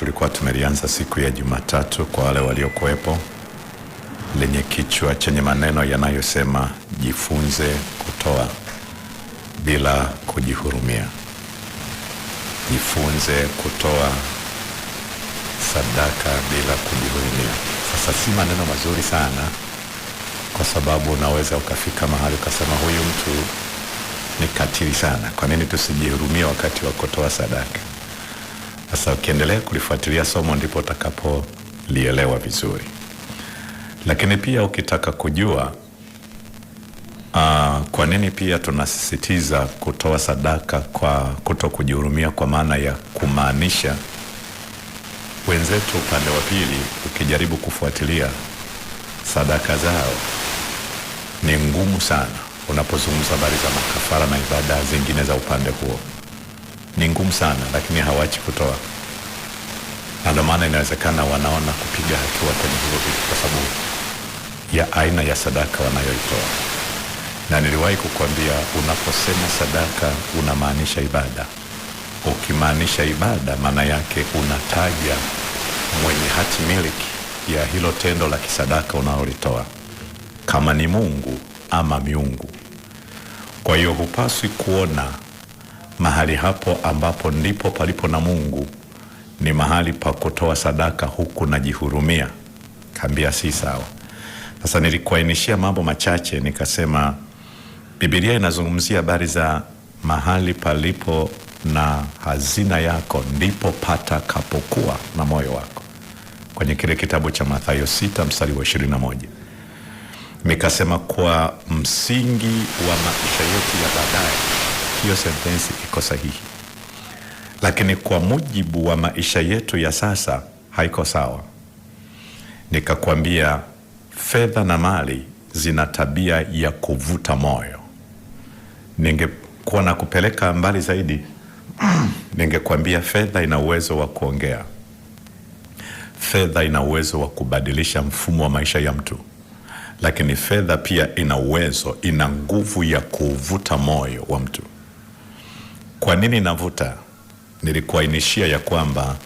Tulikuwa tumelianza siku ya Jumatatu kwa wale waliokuwepo, lenye kichwa chenye maneno yanayosema jifunze kutoa bila kujihurumia. Jifunze kutoa sadaka bila kujihurumia. Sasa si maneno mazuri sana, kwa sababu unaweza ukafika mahali ukasema huyu mtu ni katili sana, kwa nini tusijihurumia wakati wa kutoa sadaka? Sasa ukiendelea kulifuatilia somo ndipo utakapolielewa vizuri, lakini pia ukitaka kujua uh, kwa nini pia tunasisitiza kutoa sadaka kwa kuto kujihurumia, kwa maana ya kumaanisha wenzetu upande wa pili, ukijaribu kufuatilia sadaka zao ni ngumu sana unapozungumza habari za makafara na ibada zingine za upande huo ni ngumu sana, lakini hawaachi kutoa, na ndio maana inawezekana wanaona kupiga hatua kwenye hivyo vitu kwa sababu ya aina ya sadaka wanayoitoa. Na niliwahi kukuambia, unaposema sadaka unamaanisha ibada. Ukimaanisha ibada, maana yake unataja mwenye hati miliki ya hilo tendo la kisadaka unalolitoa, kama ni Mungu ama miungu. Kwa hiyo hupaswi kuona mahali hapo ambapo ndipo palipo na Mungu ni mahali pa kutoa sadaka huku najihurumia. Kaambia si sawa. Sasa nilikuainishia mambo machache, nikasema Biblia inazungumzia habari za mahali palipo na hazina yako ndipo patakapokuwa na moyo wako, kwenye kile kitabu cha Mathayo 6 mstari wa ishirini moja. Nikasema kuwa msingi wa maisha yetu ya baadaye hiyo sentensi iko sahihi, lakini kwa mujibu wa maisha yetu ya sasa haiko sawa. Nikakwambia fedha na mali zina tabia ya kuvuta moyo. Ningekuwa na kupeleka mbali zaidi, ningekwambia fedha ina uwezo wa kuongea. Fedha ina uwezo wa kubadilisha mfumo wa maisha ya mtu, lakini fedha pia ina uwezo, ina nguvu ya kuvuta moyo wa mtu. Kwa nini navuta? Nilikuainishia ya kwamba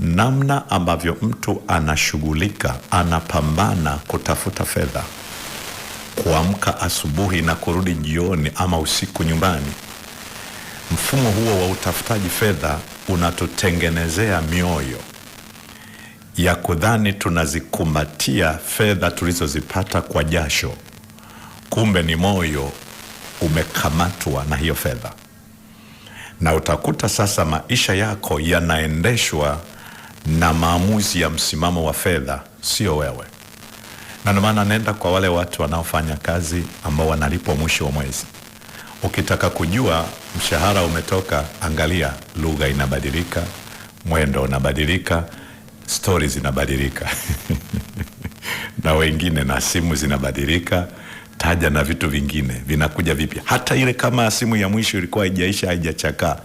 namna ambavyo mtu anashughulika, anapambana kutafuta fedha, kuamka asubuhi na kurudi jioni ama usiku nyumbani, mfumo huo wa utafutaji fedha unatutengenezea mioyo ya kudhani tunazikumbatia fedha tulizozipata kwa jasho, kumbe ni moyo umekamatwa na hiyo fedha na utakuta sasa maisha yako yanaendeshwa na maamuzi ya msimamo wa fedha, sio wewe. Na ndio maana naenda kwa wale watu wanaofanya kazi ambao wanalipwa mwisho wa mwezi. Ukitaka kujua mshahara umetoka, angalia, lugha inabadilika, mwendo unabadilika, stori zinabadilika na wengine na simu zinabadilika taja na vitu vingine vinakuja vipya hata ile kama simu ya mwisho ilikuwa haijaisha haijachakaa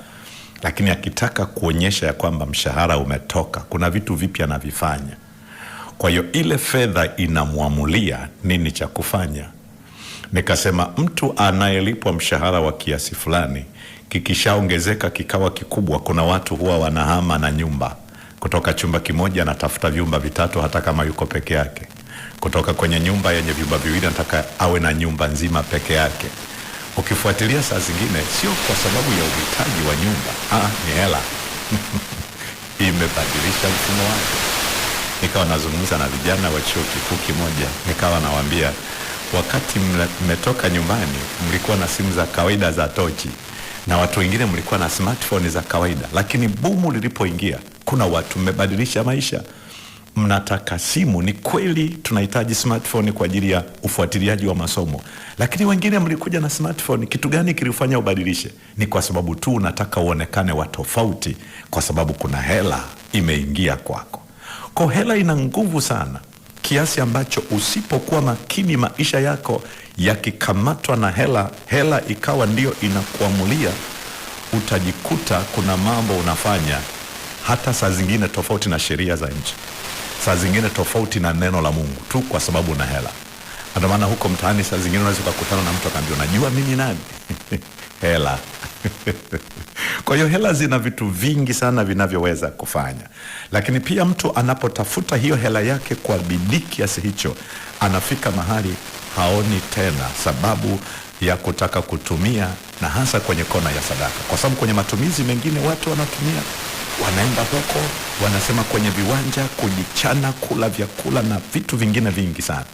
lakini akitaka kuonyesha ya kwamba mshahara umetoka kuna vitu vipya anavifanya kwa hiyo ile fedha inamwamulia nini cha kufanya nikasema mtu anayelipwa mshahara wa kiasi fulani kikishaongezeka kikawa kikubwa kuna watu huwa wanahama na nyumba kutoka chumba kimoja anatafuta vyumba vitatu hata kama yuko peke yake kutoka kwenye nyumba yenye vyumba viwili nataka awe na nyumba nzima peke yake. Ukifuatilia saa zingine sio kwa sababu ya uhitaji wa nyumba, ah, ni hela imebadilisha mfumo wake. Nikawa nazungumza na vijana wa chuo kikuu kimoja, nikawa nawambia wakati mmetoka nyumbani mlikuwa na simu za kawaida za tochi na watu wengine mlikuwa na smartphone za kawaida, lakini bumu lilipoingia, kuna watu mmebadilisha maisha mnataka simu. Ni kweli tunahitaji smartphone kwa ajili ya ufuatiliaji wa masomo, lakini wengine mlikuja na smartphone, kitu gani kilifanya ubadilishe? Ni kwa sababu tu unataka uonekane wa tofauti, kwa sababu kuna hela imeingia kwako. Kwa hela ina nguvu sana kiasi ambacho usipokuwa makini, maisha yako yakikamatwa na hela, hela ikawa ndiyo inakuamulia, utajikuta kuna mambo unafanya hata saa zingine tofauti na sheria za nchi saa zingine tofauti na neno la Mungu tu kwa sababu na hela. Ndio maana huko mtaani saa zingine unaweza ukakutana na mtu akaambia, unajua mimi nani? hela kwa hiyo hela zina vitu vingi sana vinavyoweza kufanya, lakini pia mtu anapotafuta hiyo hela yake kwa bidii kiasi hicho, anafika mahali haoni tena sababu ya kutaka kutumia, na hasa kwenye kona ya sadaka, kwa sababu kwenye matumizi mengine watu wanatumia wanaenda huko wanasema kwenye viwanja kujichana, kula vyakula na vitu vingine vingi sana.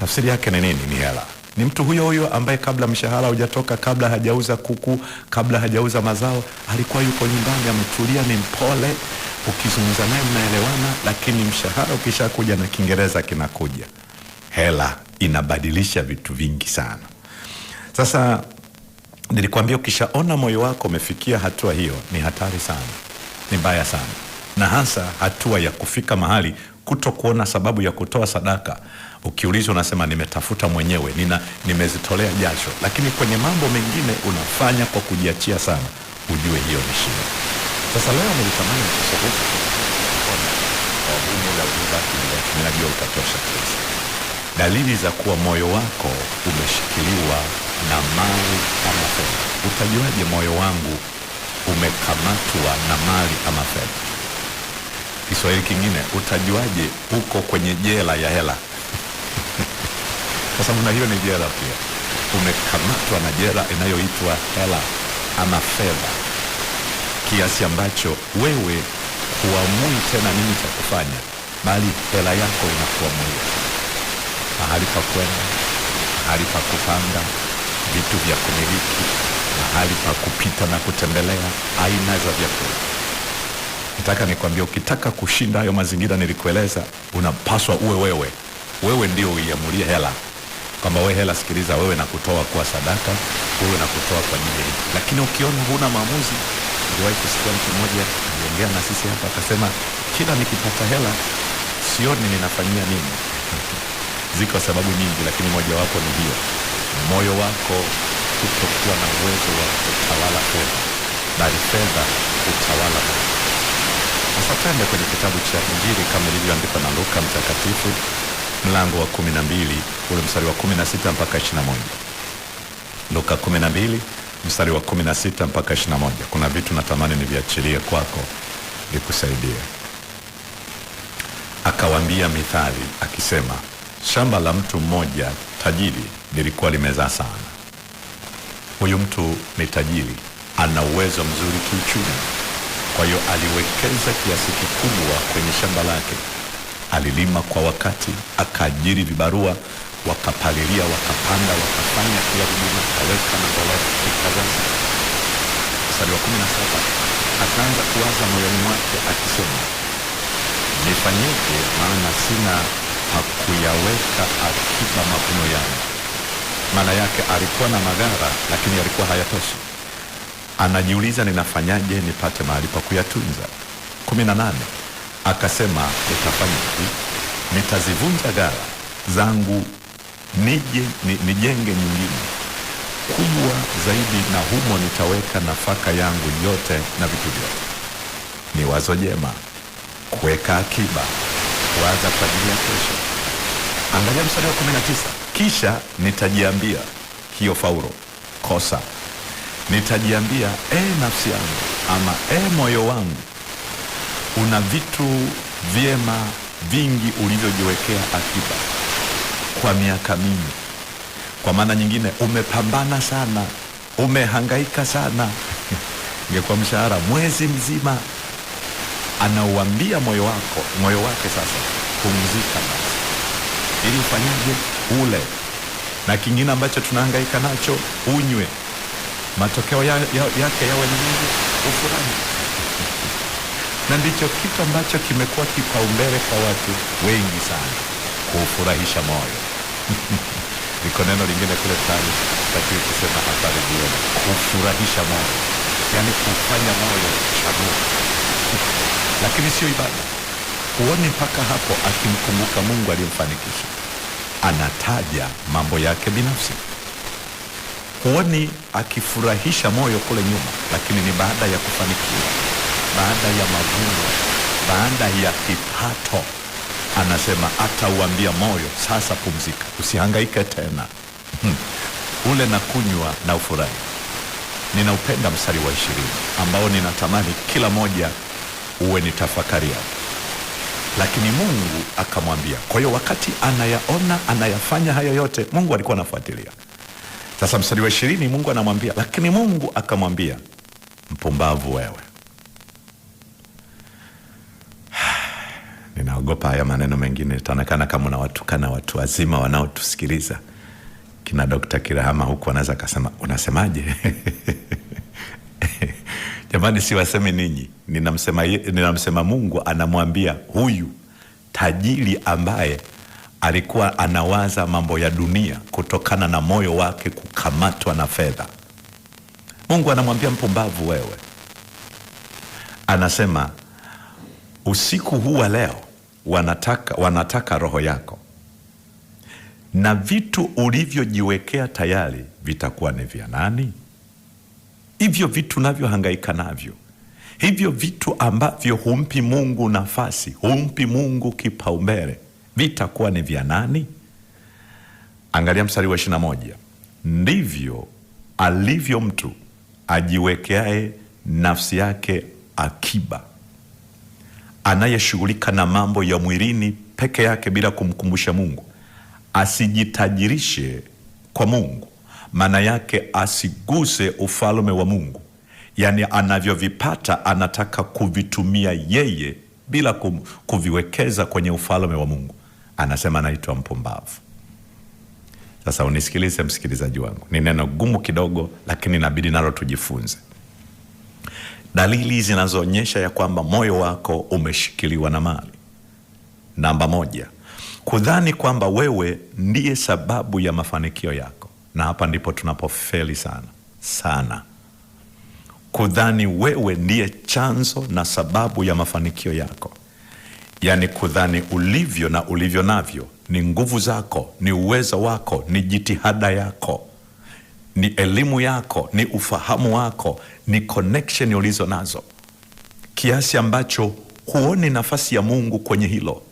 Tafsiri yake ni nini? Ni hela ni mtu huyo huyo ambaye kabla mshahara hujatoka, kabla hajauza kuku, kabla hajauza mazao, alikuwa yuko nyumbani ametulia, ni mpole, ukizungumza naye mnaelewana, lakini mshahara ukishakuja na Kiingereza kinakuja, hela inabadilisha vitu vingi sana. Sasa nilikwambia, ukishaona moyo wako umefikia hatua hiyo, ni hatari sana ni mbaya sana, na hasa hatua ya kufika mahali kuto kuona sababu ya kutoa sadaka. Ukiulizwa unasema nimetafuta mwenyewe, nina nimezitolea jasho, lakini kwenye mambo mengine unafanya kwa kujiachia sana. Ujue hiyo ni shida. Sasa leo nilitamani najua utatosha Dalili za kuwa moyo wako umeshikiliwa na mali ama fedha. Utajuaje moyo wangu umekamatwa na mali ama fedha. Kiswahili kingine, utajuaje uko kwenye jela ya hela? Sasa mna hiyo ni jela pia, umekamatwa na jela inayoitwa hela ama fedha, kiasi ambacho wewe huamui tena nini cha kufanya, bali hela yako inakuamulia mahali pa kwenda, mahali pa kupanga, vitu vya kumiliki mahali pa kupita na kutembelea aina za vyakula. Nataka nikwambia, ukitaka kushinda hayo mazingira nilikueleza, unapaswa uwe wewe. Wewe ndio uiamulie hela kwamba we hela, sikiliza, wewe na kutoa kwa sadaka, wewe na kutoa kwa nini hii. Lakini ukiona huna maamuzi, niliwahi kusikia mtu mmoja aliongea na sisi hapa akasema, kila nikipata hela sioni ninafanyia nini. Ziko sababu nyingi, lakini mojawapo ni hiyo, moyo wako kutokuwa na uwezo wa kutawala fedha, bali fedha kutawala Mungu. Sasa twende kwenye kitabu cha Injili kama ilivyoandikwa na Luka Mtakatifu, mlango wa 12 ule mstari wa 16 mpaka 21. Luka 12 mstari wa 16 mpaka 21. Kuna vitu natamani niviachilie kwako vikusaidie. Akawaambia mithali akisema, shamba la mtu mmoja tajiri lilikuwa limezaa sana huyu mtu ni tajiri, ana uwezo mzuri kiuchumi. Kwa hiyo aliwekeza kiasi kikubwa kwenye shamba lake, alilima kwa wakati, akaajiri vibarua, wakapalilia, wakapanda, wakafanya kila huduma, akaweka na balafika Mstari wa kumi na saba akaanza kuwaza moyoni mwake akisema, nifanyike, maana sina hakuyaweka akiba mavuno yangu maana yake alikuwa na magara lakini yalikuwa hayatoshi. Anajiuliza, ninafanyaje nipate mahali pa kuyatunza? kumi na nane. Akasema, nitafanya hivi, nitazivunja gara zangu nije nijenge nyingine kubwa zaidi, na humo nitaweka nafaka yangu yote na vitu vyote. Ni wazo jema kuweka akiba, kuwaza kwa ajili ya kesho. Angalia mstari wa 19 kisha nitajiambia hiyo faulo kosa, nitajiambia e, nafsi yangu ama e, moyo wangu, una vitu vyema vingi ulivyojiwekea akiba kwa miaka mingi. Kwa maana nyingine, umepambana sana, umehangaika sana ingekuwa mshahara mwezi mzima. Anauambia moyo wako, moyo wake sasa, pumzika basi, ili ufanyaje ule, na kingine ambacho tunahangaika nacho unywe, matokeo ya, ya, yake yawe ni mingi, Ufurahi. Na ndicho kitu ambacho kimekuwa kipaumbele kwa watu wengi sana, kuufurahisha moyo liko neno lingine kule tani lakini kusema hapa jioni, kufurahisha moyo, yaani kufanya moyo chanuo lakini sio ibada. Huoni mpaka hapo akimkumbuka Mungu aliyemfanikisha anataja mambo yake binafsi. Huoni akifurahisha moyo kule nyuma, lakini ni baada ya kufanikiwa, baada ya mavuno, baada ya kipato, anasema atauambia moyo, sasa pumzika, usihangaike tena hmm. Ule na kunywa na ufurahi. Ninaupenda mstari wa ishirini ambao ninatamani kila moja uwe ni tafakari yako lakini Mungu akamwambia. Kwa hiyo wakati anayaona anayafanya haya yote, Mungu alikuwa anafuatilia. Sasa mstari wa ishirini Mungu anamwambia, lakini Mungu akamwambia, mpumbavu wewe. Ninaogopa haya maneno mengine, itaonekana kama unawatukana watu wazima wanaotusikiliza kina Dokta Kirahama huku, anaweza akasema unasemaje? Jamani, siwasemi ninyi, ninamsema, ninamsema Mungu anamwambia huyu tajiri ambaye alikuwa anawaza mambo ya dunia kutokana na moyo wake kukamatwa na fedha. Mungu anamwambia mpumbavu wewe, anasema usiku huu wa leo wanataka, wanataka roho yako na vitu ulivyojiwekea tayari vitakuwa ni vya nani? hivyo vitu navyohangaika navyo, hivyo vitu ambavyo humpi Mungu nafasi, humpi Mungu kipaumbele, vitakuwa ni vya nani? Angalia mstari wa ishirini na moja ndivyo alivyo mtu ajiwekeaye nafsi yake akiba, anayeshughulika na mambo ya mwilini peke yake bila kumkumbusha Mungu, asijitajirishe kwa Mungu maana yake asiguse ufalme wa Mungu, yaani anavyovipata anataka kuvitumia yeye bila kuviwekeza kwenye ufalme wa Mungu. Anasema anaitwa mpumbavu. Sasa unisikilize msikilizaji wangu, ni neno gumu kidogo, lakini inabidi nalo tujifunze. Dalili zinazoonyesha ya kwamba moyo wako umeshikiliwa na mali. Namba moja, kudhani kwamba wewe ndiye sababu ya mafanikio yako na hapa ndipo tunapofeli sana sana, kudhani wewe ndiye chanzo na sababu ya mafanikio yako, yaani kudhani ulivyo na ulivyo navyo ni nguvu zako, ni uwezo wako, ni jitihada yako, ni elimu yako, ni ufahamu wako, ni connection ulizo nazo, kiasi ambacho huoni nafasi ya Mungu kwenye hilo,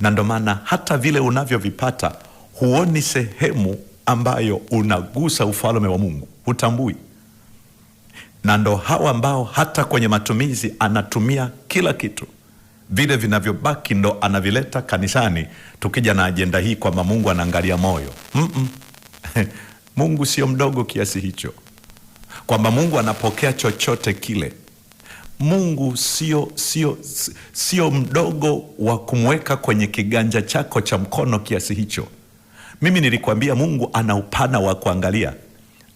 na ndo maana hata vile unavyovipata huoni sehemu ambayo unagusa ufalme wa Mungu hutambui, na ndo hawa ambao hata kwenye matumizi anatumia kila kitu, vile vinavyobaki ndo anavileta kanisani, tukija na ajenda hii kwamba Mungu anaangalia moyo mm -mm. Mungu sio mdogo kiasi hicho, kwamba Mungu anapokea chochote kile. Mungu sio sio sio mdogo wa kumweka kwenye kiganja chako cha mkono kiasi hicho. Mimi nilikwambia Mungu ana upana wa kuangalia,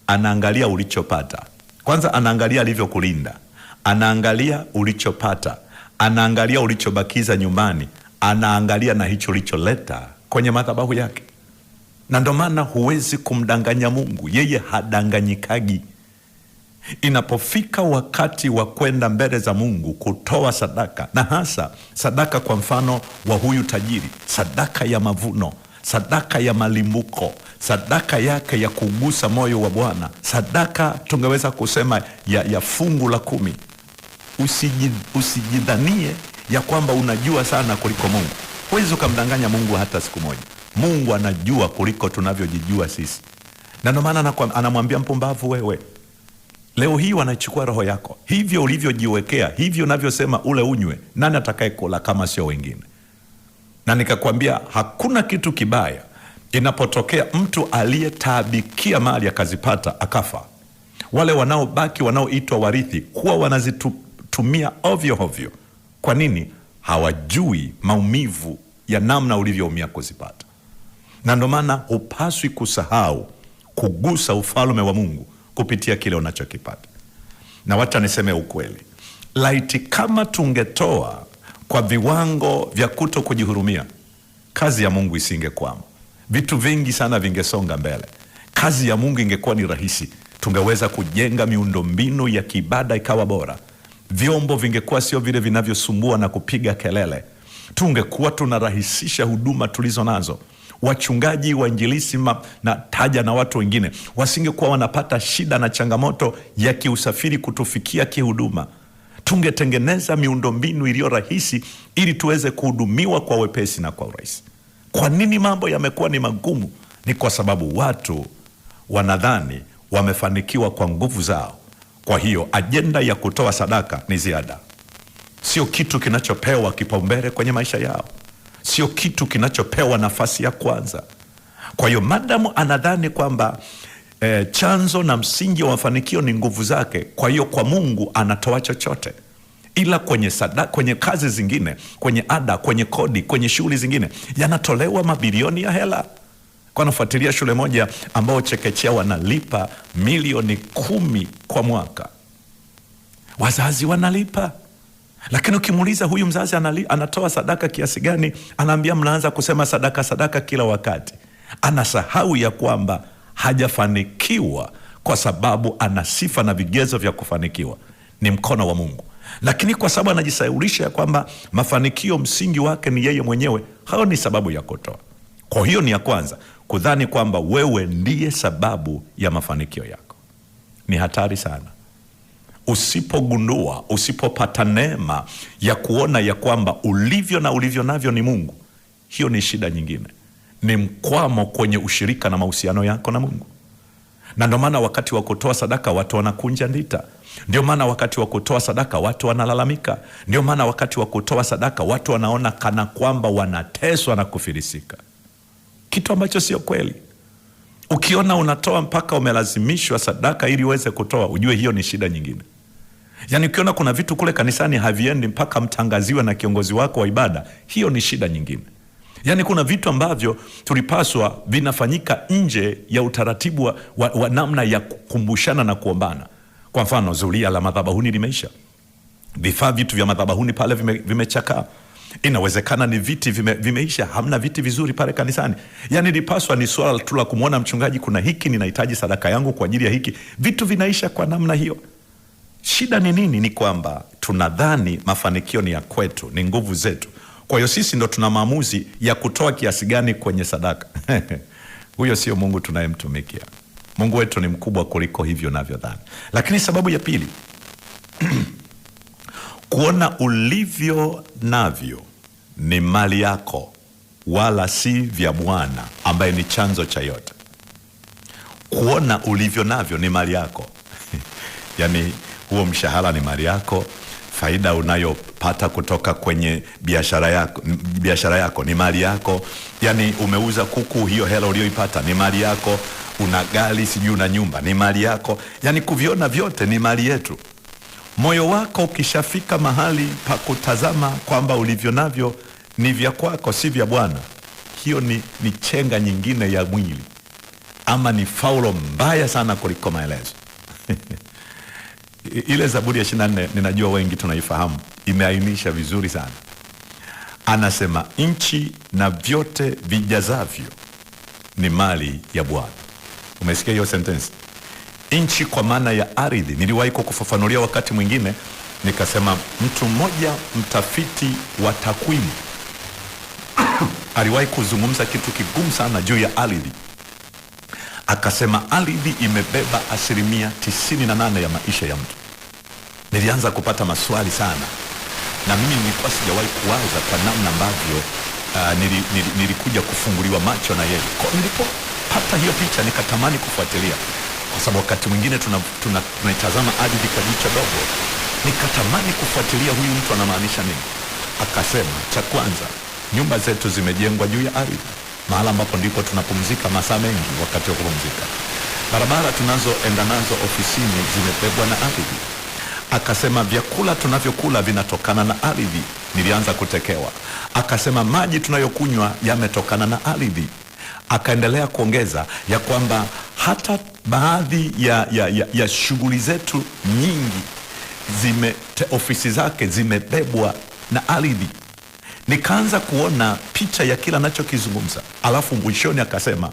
anaangalia ulichopata kwanza, anaangalia alivyokulinda, anaangalia ulichopata, anaangalia ulichobakiza nyumbani, anaangalia na hicho ulicholeta kwenye madhabahu yake, na ndo maana huwezi kumdanganya Mungu, yeye hadanganyikagi. Inapofika wakati wa kwenda mbele za Mungu kutoa sadaka, na hasa sadaka kwa mfano wa huyu tajiri, sadaka ya mavuno sadaka ya malimbuko, sadaka yake ya kugusa moyo wa Bwana, sadaka tungeweza kusema ya, ya fungu la kumi. usijidhanie ya kwamba unajua sana kuliko Mungu. Huwezi ukamdanganya Mungu hata siku moja. Mungu anajua kuliko tunavyojijua sisi, na ndio maana anamwambia mpumbavu, wewe leo hii wanachukua roho yako, hivyo ulivyojiwekea, hivyo unavyosema ule unywe, nani kula kama sio wengine? na nikakwambia hakuna kitu kibaya inapotokea mtu aliyetaabikia mali akazipata akafa. Wale wanaobaki wanaoitwa warithi huwa wanazitumia ovyo ovyo. Kwa nini? Hawajui maumivu ya namna ulivyoumia kuzipata, na ndo maana hupaswi kusahau kugusa ufalme wa Mungu kupitia kile unachokipata. Na wacha niseme ukweli, laiti kama tungetoa kwa viwango vya kuto kujihurumia, kazi ya Mungu isingekwama, vitu vingi sana vingesonga mbele, kazi ya Mungu ingekuwa ni rahisi, tungeweza kujenga miundombinu ya kibada ikawa bora, vyombo vingekuwa sio vile vinavyosumbua na kupiga kelele, tungekuwa tunarahisisha huduma tulizo nazo wachungaji wainjilisi na taja na watu wengine wasingekuwa wanapata shida na changamoto ya kiusafiri kutufikia kihuduma tungetengeneza miundombinu iliyo rahisi ili tuweze kuhudumiwa kwa wepesi na kwa urahisi. Kwa nini mambo yamekuwa ni magumu? Ni kwa sababu watu wanadhani wamefanikiwa kwa nguvu zao. Kwa hiyo ajenda ya kutoa sadaka ni ziada, sio kitu kinachopewa kipaumbele kwenye maisha yao, sio kitu kinachopewa nafasi ya kwanza. Kwa hiyo madamu anadhani kwamba e, chanzo na msingi wa mafanikio ni nguvu zake. Kwa hiyo kwa Mungu anatoa chochote, ila kwenye sada, kwenye kazi zingine, kwenye ada, kwenye kodi, kwenye shughuli zingine yanatolewa mabilioni ya hela. Kwa nafuatilia shule moja ambao chekechea wanalipa milioni kumi kwa mwaka, wazazi wanalipa lakini ukimuuliza huyu mzazi anali, anatoa sadaka kiasi gani, anaambia mnaanza kusema sadaka sadaka kila wakati, anasahau ya kwamba hajafanikiwa kwa sababu ana sifa na vigezo vya kufanikiwa, ni mkono wa Mungu. Lakini kwa sababu anajisaurisha ya kwamba mafanikio msingi wake ni yeye mwenyewe, hayo ni sababu ya kutoa. Kwa hiyo ni ya kwanza, kudhani kwamba wewe ndiye sababu ya mafanikio yako ni hatari sana. Usipogundua, usipopata neema ya kuona ya kwamba ulivyo na ulivyo navyo ni Mungu, hiyo ni shida nyingine ni mkwamo kwenye ushirika na mahusiano yako na Mungu. Na ndio maana wakati wa kutoa sadaka watu wanakunja ndita. Ndio maana wakati wa kutoa sadaka watu wanalalamika. Ndio maana wakati wa kutoa sadaka watu wanaona kana kwamba wanateswa na kufilisika, kitu ambacho sio kweli. Ukiona unatoa mpaka umelazimishwa sadaka ili uweze kutoa, ujue hiyo ni shida nyingine. Yaani, ukiona kuna vitu kule kanisani haviendi mpaka mtangaziwe na kiongozi wako wa ibada, hiyo ni shida nyingine. Yaani kuna vitu ambavyo tulipaswa vinafanyika nje ya utaratibu wa, wa, wa namna ya kukumbushana na kuombana. Kwa mfano, zulia la madhabahuni limeisha, vifaa vitu vya madhabahuni pale vimechakaa, vime inawezekana ni viti vime, vimeisha, hamna viti vizuri pale kanisani. Yaani lipaswa ni swala tu la kumwona mchungaji, kuna hiki ninahitaji sadaka yangu kwa ajili ya hiki, vitu vinaisha kwa namna hiyo. Shida ni nini? Ni kwamba tunadhani mafanikio ni ya kwetu, ni nguvu zetu kwa hiyo sisi ndo tuna maamuzi ya kutoa kiasi gani kwenye sadaka huyo sio Mungu tunayemtumikia. Mungu wetu ni mkubwa kuliko hivyo navyodhani. Lakini sababu ya pili kuona ulivyo navyo ni mali yako, wala si vya Bwana ambaye ni chanzo cha yote. Kuona ulivyo navyo ni mali yako yani, huo mshahara ni mali yako faida unayopata kutoka kwenye biashara yako, biashara yako ni mali yako. Yani umeuza kuku, hiyo hela uliyoipata ni mali yako. Una gari sijui una nyumba, ni mali yako. Yani kuviona vyote ni mali yetu. Moyo wako ukishafika mahali pa kutazama kwamba ulivyo navyo ni vya kwako, si vya Bwana, hiyo ni, ni chenga nyingine ya mwili ama ni faulo mbaya sana kuliko maelezo ile Zaburi ya 24 ninajua wengi tunaifahamu, imeainisha vizuri sana. Anasema nchi na vyote vijazavyo ni mali ya Bwana. Umesikia hiyo sentence? Nchi kwa maana ya ardhi. Niliwahi kukufafanulia wakati mwingine, nikasema mtu mmoja mtafiti wa takwimu aliwahi kuzungumza kitu kigumu sana juu ya ardhi Akasema ardhi imebeba asilimia 98 ya maisha ya mtu. Nilianza kupata maswali sana, na mimi nilikuwa sijawahi kuwaza kwa namna ambavyo uh, nili, nili, nilikuja kufunguliwa macho na yeye. Nilipopata hiyo picha nikatamani kufuatilia, kwa sababu wakati mwingine tunaitazama tuna, tuna ardhi kwa jicho dogo. Nikatamani kufuatilia huyu mtu anamaanisha nini. Akasema cha kwanza, nyumba zetu zimejengwa juu ya ardhi mahala ambapo ndipo tunapumzika masaa mengi wakati wa kupumzika. Barabara tunazoenda nazo ofisini zimebebwa na ardhi. Akasema vyakula tunavyokula vinatokana na ardhi. Nilianza kutekewa. Akasema maji tunayokunywa yametokana na ardhi. Akaendelea kuongeza ya kwamba hata baadhi ya, ya, ya, ya shughuli zetu nyingi zime, ofisi zake zimebebwa na ardhi nikaanza kuona picha ya kila anachokizungumza, alafu mwishoni akasema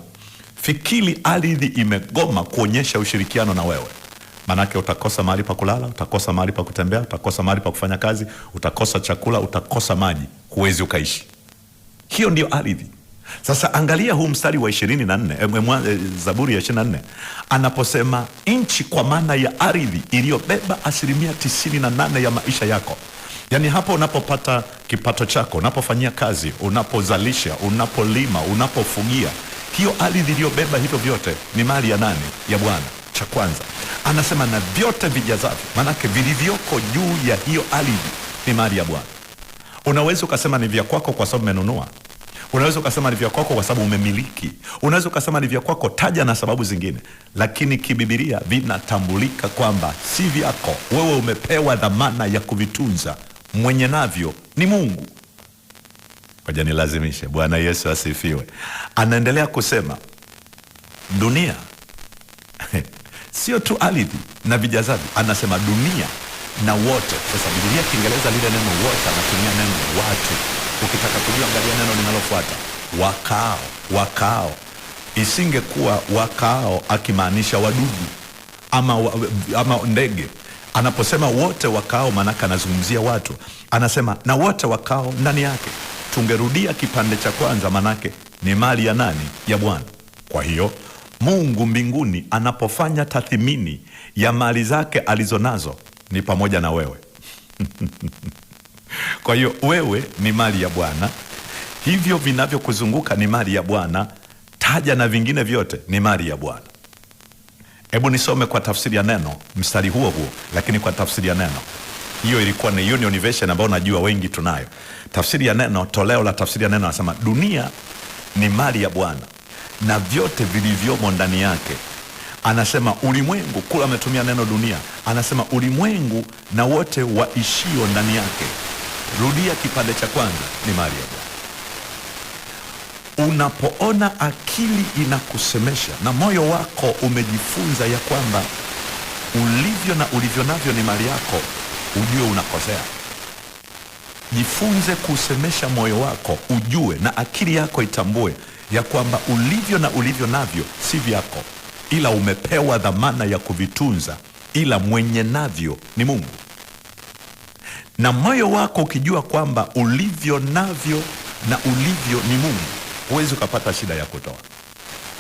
fikiri ardhi imegoma kuonyesha ushirikiano na wewe, maanake utakosa mahali pa kulala, utakosa mahali pa kutembea, utakosa mahali pa kufanya kazi, utakosa chakula, utakosa maji, huwezi ukaishi. Hiyo ndiyo ardhi. Sasa angalia huu mstari wa e, e, Zaburi ya nne anaposema nchi, kwa maana ya ardhi iliyobeba asilimia 98 ya maisha yako Yaani hapo unapopata kipato chako, unapofanyia kazi, unapozalisha, unapolima, unapofugia, hiyo ardhi iliyobeba hivyo vyote ni mali ya nani? Ya Bwana. Cha kwanza anasema na vyote vijazavyo, maanake vilivyoko juu ya hiyo ardhi ni mali ya Bwana. Unaweza ukasema ni vya kwako kwa sababu umenunua unaweza ukasema ni vya kwako kwa sababu umemiliki, unaweza ukasema ni vya kwako, taja na sababu zingine, lakini kibibilia vinatambulika kwamba si vyako. Wewe umepewa dhamana ya kuvitunza mwenye navyo ni Mungu. Ngoja nilazimishe. Bwana Yesu asifiwe. Anaendelea kusema dunia sio tu ardhi na vijazavyo, anasema dunia na wote. Sasa Biblia Kiingereza lile neno wote anatumia neno watu. Ukitaka kujua, angalia neno linalofuata wakao. Wakao isingekuwa wakao akimaanisha wadudu ama, ama ndege Anaposema wote wakao, maanake anazungumzia watu, anasema na wote wakao ndani yake. Tungerudia kipande cha kwanza, maanake ni mali ya nani? Ya Bwana. Kwa hiyo Mungu mbinguni anapofanya tathmini ya mali zake alizo nazo ni pamoja na wewe kwa hiyo wewe ni mali ya Bwana, hivyo vinavyokuzunguka ni mali ya Bwana, taja na vingine vyote ni mali ya Bwana. Hebu nisome kwa tafsiri ya neno mstari huo huo, lakini kwa tafsiri ya neno hiyo ilikuwa ni Union Version ambayo najua wengi tunayo. Tafsiri ya neno, toleo la tafsiri ya neno anasema dunia ni mali ya Bwana na vyote vilivyomo ndani yake. Anasema ulimwengu kula ametumia neno dunia, anasema ulimwengu na wote waishio ndani yake. Rudia kipande cha kwanza, ni mali ya Bwana. Unapoona akili inakusemesha na moyo wako umejifunza ya kwamba ulivyo na ulivyo navyo ni mali yako, ujue unakosea. Jifunze kusemesha moyo wako, ujue na akili yako itambue ya kwamba ulivyo na ulivyo navyo si vyako, ila umepewa dhamana ya kuvitunza, ila mwenye navyo ni Mungu. Na moyo wako ukijua kwamba ulivyo navyo na ulivyo ni Mungu huwezi ukapata shida ya kutoa,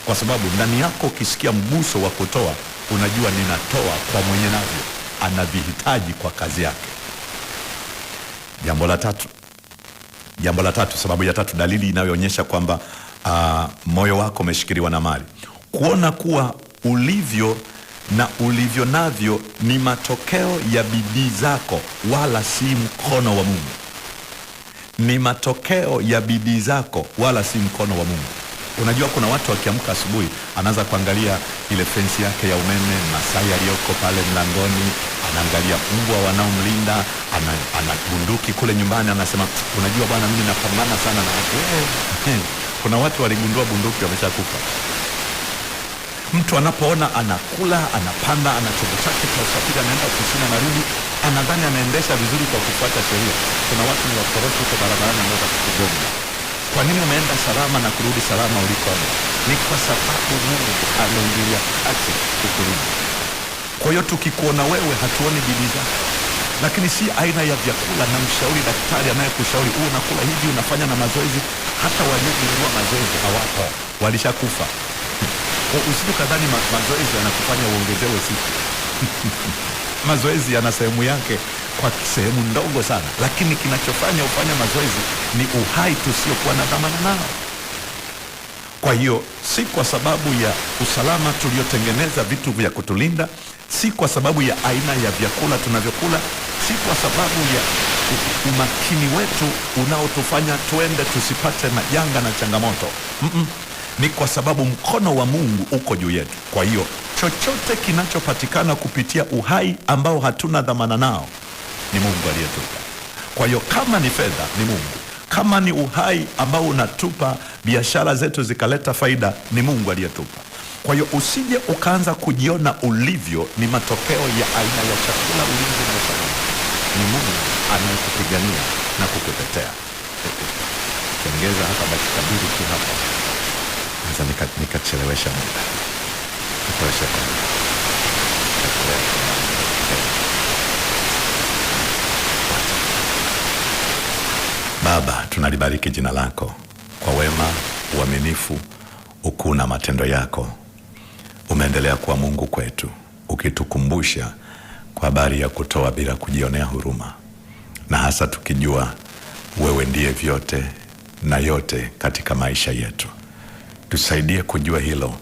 kwa sababu ndani yako ukisikia mguso wa kutoa, unajua ninatoa kwa mwenye navyo, anavihitaji kwa kazi yake. Jambo la tatu, jambo la tatu, sababu ya tatu, dalili inayoonyesha kwamba uh, moyo wako umeshikiliwa na mali, kuona kuwa ulivyo na ulivyo navyo ni matokeo ya bidii zako, wala si mkono wa Mungu ni matokeo ya bidii zako, wala si mkono wa Mungu. Unajua, kuna watu wakiamka asubuhi, anaanza kuangalia ile fensi yake ya umeme, masai aliyoko pale mlangoni, anaangalia mbwa wanaomlinda, ana, ana bunduki kule nyumbani, anasema unajua bwana, mimi napambana sana na watu Kuna watu waligundua bunduki wameshakufa. Mtu anapoona anakula, anapanda, ana chombo chake cha usafiri, anaenda ofisini, anarudi, anadhani ah, anaendesha vizuri kwa kufuata sheria. Kuna watu ni wakorofi huko barabarani, wanaweza kukugonga. Kwa nini umeenda salama na kurudi salama ulikoenda? Ni kwa sababu Mungu ameingilia kati kukurudi. Kwa hiyo tukikuona wewe hatuoni bidii zako, lakini si aina ya vyakula na mshauri daktari anayekushauri huu unakula hivi, unafanya na mazoezi. Hata waliogundua mazoezi hawapo, walishakufa. Usijikadhani ma mazoezi yanakufanya uongezewe siku mazoezi yana sehemu yake kwa sehemu ndogo sana, lakini kinachofanya ufanya mazoezi ni uhai tusiokuwa na dhamana nao. Kwa hiyo si kwa sababu ya usalama tuliotengeneza vitu vya kutulinda, si kwa sababu ya aina ya vyakula tunavyokula, si kwa sababu ya umakini wetu unaotufanya tuende tusipate majanga na changamoto. Mm -mm ni kwa sababu mkono wa Mungu uko juu yetu. Kwa hiyo chochote kinachopatikana kupitia uhai ambao hatuna dhamana nao ni Mungu aliyetupa. Kwa hiyo kama ni fedha ni Mungu, kama ni uhai ambao unatupa biashara zetu zikaleta faida ni Mungu aliyetupa. Kwa hiyo usije ukaanza kujiona ulivyo ni matokeo ya aina ya chakula ulivyo Ni Mungu anayekupigania na kukutetea. Ukiongeza hapa dakika mbili tu hapa naweza nikachelewesha muda kutosha Baba, tunalibariki jina lako kwa wema, uaminifu, ukuu na matendo yako. Umeendelea kuwa Mungu kwetu, ukitukumbusha kwa habari ya kutoa bila kujionea huruma, na hasa tukijua wewe ndiye vyote na yote katika maisha yetu tusaidie kujua hilo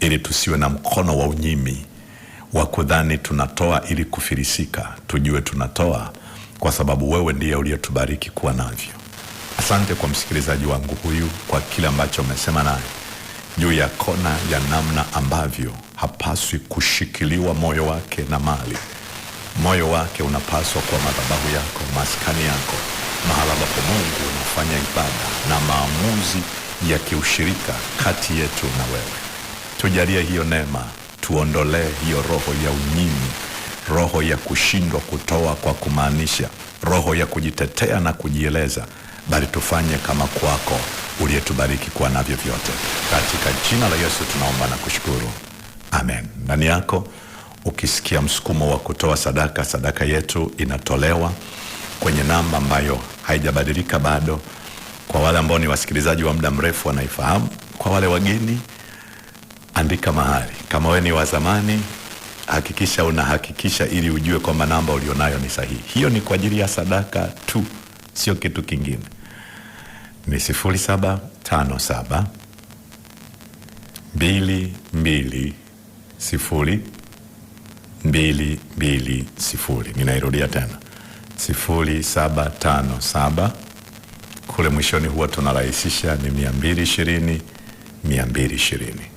ili tusiwe na mkono wa unyimi wa kudhani tunatoa ili kufirisika tujue tunatoa kwa sababu wewe ndiye uliyetubariki kuwa navyo asante kwa msikilizaji wangu huyu kwa kile ambacho umesema naye juu ya kona ya namna ambavyo hapaswi kushikiliwa moyo wake na mali moyo wake unapaswa kwa madhabahu yako maskani yako mahala ambapo mungu unafanya ibada na maamuzi ya kiushirika kati yetu na wewe. Tujalie hiyo neema, tuondolee hiyo roho ya unyinyi, roho ya kushindwa kutoa kwa kumaanisha, roho ya kujitetea na kujieleza, bali tufanye kama kwako uliyetubariki kuwa navyo vyote. Katika jina la Yesu tunaomba na kushukuru, amen. Ndani yako ukisikia msukumo wa kutoa sadaka, sadaka yetu inatolewa kwenye namba ambayo haijabadilika bado kwa wale ambao ni wasikilizaji wa muda mrefu wanaifahamu, kwa wale wageni, andika mahali. Kama wewe ni wa zamani, hakikisha unahakikisha ili ujue kwamba namba ulionayo ni sahihi. Hiyo ni kwa ajili ya sadaka tu, sio kitu kingine. Ni mbili mbili sifuri mbili mbili sifuri. Ninairudia tena sifuri saba tano saba kule mwishoni huwa tunarahisisha ni 220 220.